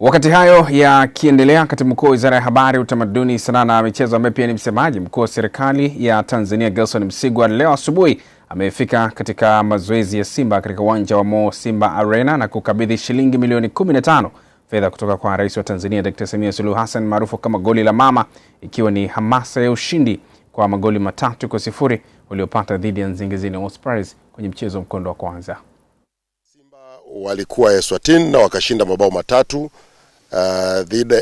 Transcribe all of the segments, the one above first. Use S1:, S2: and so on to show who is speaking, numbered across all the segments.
S1: Wakati hayo yakiendelea, katibu mkuu wa wizara ya habari, utamaduni, sanaa na michezo, ambaye pia ni msemaji mkuu wa serikali ya Tanzania, Gelson Msigwa, leo asubuhi amefika katika mazoezi ya Simba katika uwanja wa Mo Simba Arena na kukabidhi shilingi milioni 15 fedha kutoka kwa rais wa Tanzania Dr. Samia Suluhu Hassan maarufu kama goli la mama, ikiwa ni hamasa ya ushindi kwa magoli matatu kwa sifuri waliopata dhidi ya Nzingizini Ospreys kwenye mchezo mkondo wa kwanza.
S2: Simba walikuwa Eswatini na wakashinda mabao matatu Uh,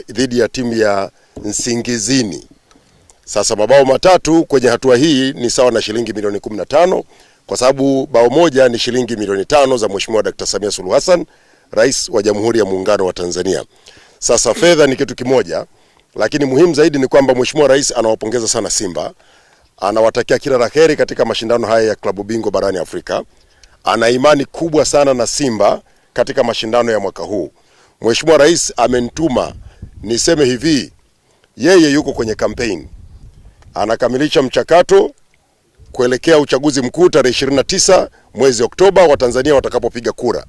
S2: dhidi uh, ya timu ya Nsingizini. Sasa mabao matatu kwenye hatua hii ni sawa na shilingi milioni 15 kwa sababu bao moja ni shilingi milioni tano za Mheshimiwa Dkt. Samia Suluhu Hassan, Rais wa Jamhuri ya Muungano wa Tanzania. Sasa fedha ni kitu kimoja, lakini muhimu zaidi ni kwamba Mheshimiwa Rais anawapongeza sana Simba, anawatakia kila la heri katika mashindano haya ya klabu bingwa barani Afrika. Ana imani kubwa sana na Simba katika mashindano ya mwaka huu. Mheshimiwa Rais amenituma niseme hivi, yeye yuko kwenye campaign, anakamilisha mchakato kuelekea uchaguzi mkuu tarehe 29 mwezi Oktoba, Watanzania watakapopiga kura,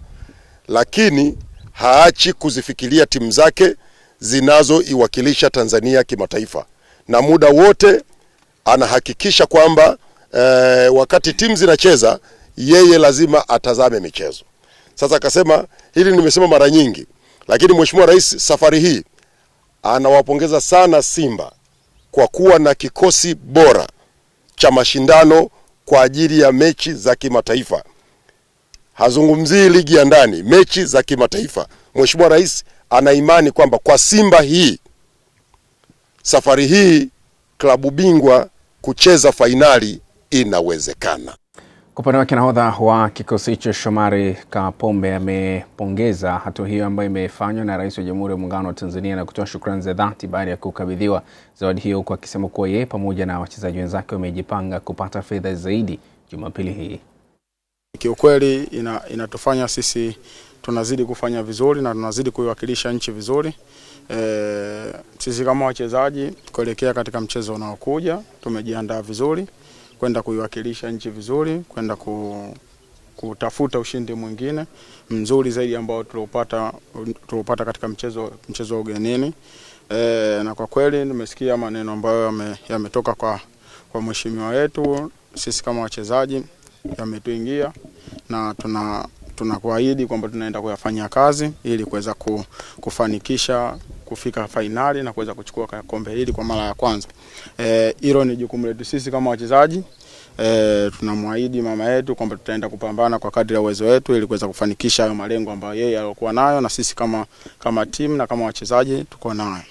S2: lakini haachi kuzifikiria timu zake zinazoiwakilisha Tanzania kimataifa, na muda wote anahakikisha kwamba eh, wakati timu zinacheza yeye lazima atazame michezo. Sasa akasema hili nimesema mara nyingi, lakini Mheshimiwa Rais safari hii anawapongeza sana Simba kwa kuwa na kikosi bora cha mashindano kwa ajili ya mechi za kimataifa. Hazungumzii ligi ya ndani, mechi za kimataifa. Mheshimiwa Rais ana imani kwamba kwa Simba hii safari hii klabu bingwa kucheza fainali inawezekana.
S1: Kwa upande wake nahodha wa kikosi hicho Shomari Kapombe amepongeza hatua hiyo ambayo imefanywa na Rais wa Jamhuri ya Muungano wa Tanzania na kutoa shukrani za dhati baada ya kukabidhiwa zawadi hiyo, huku akisema kuwa yeye pamoja na wachezaji wenzake wamejipanga kupata fedha zaidi Jumapili hii.
S3: Kiukweli ina, inatufanya sisi tunazidi kufanya vizuri na tunazidi kuiwakilisha nchi vizuri. E, sisi kama wachezaji kuelekea katika mchezo unaokuja tumejiandaa vizuri kwenda kuiwakilisha nchi vizuri, kwenda ku, kutafuta ushindi mwingine mzuri zaidi ambao tuliopata tuliopata katika mchezo mchezo wa ugenini. E, na kwa kweli nimesikia maneno ambayo yametoka yame kwa, kwa mheshimiwa wetu, sisi kama wachezaji yametuingia na tuna tunakuahidi kwamba tunaenda kuyafanyia kazi ili kuweza kufanikisha kufika fainali na kuweza kuchukua kombe hili kwa mara ya kwanza. E, hilo e, ni jukumu letu sisi kama wachezaji e, tunamwahidi mama yetu kwamba tutaenda kupambana kwa kadri ya uwezo wetu ili kuweza kufanikisha hayo malengo ambayo yeye alikuwa nayo na sisi kama, kama timu na kama wachezaji tuko nayo.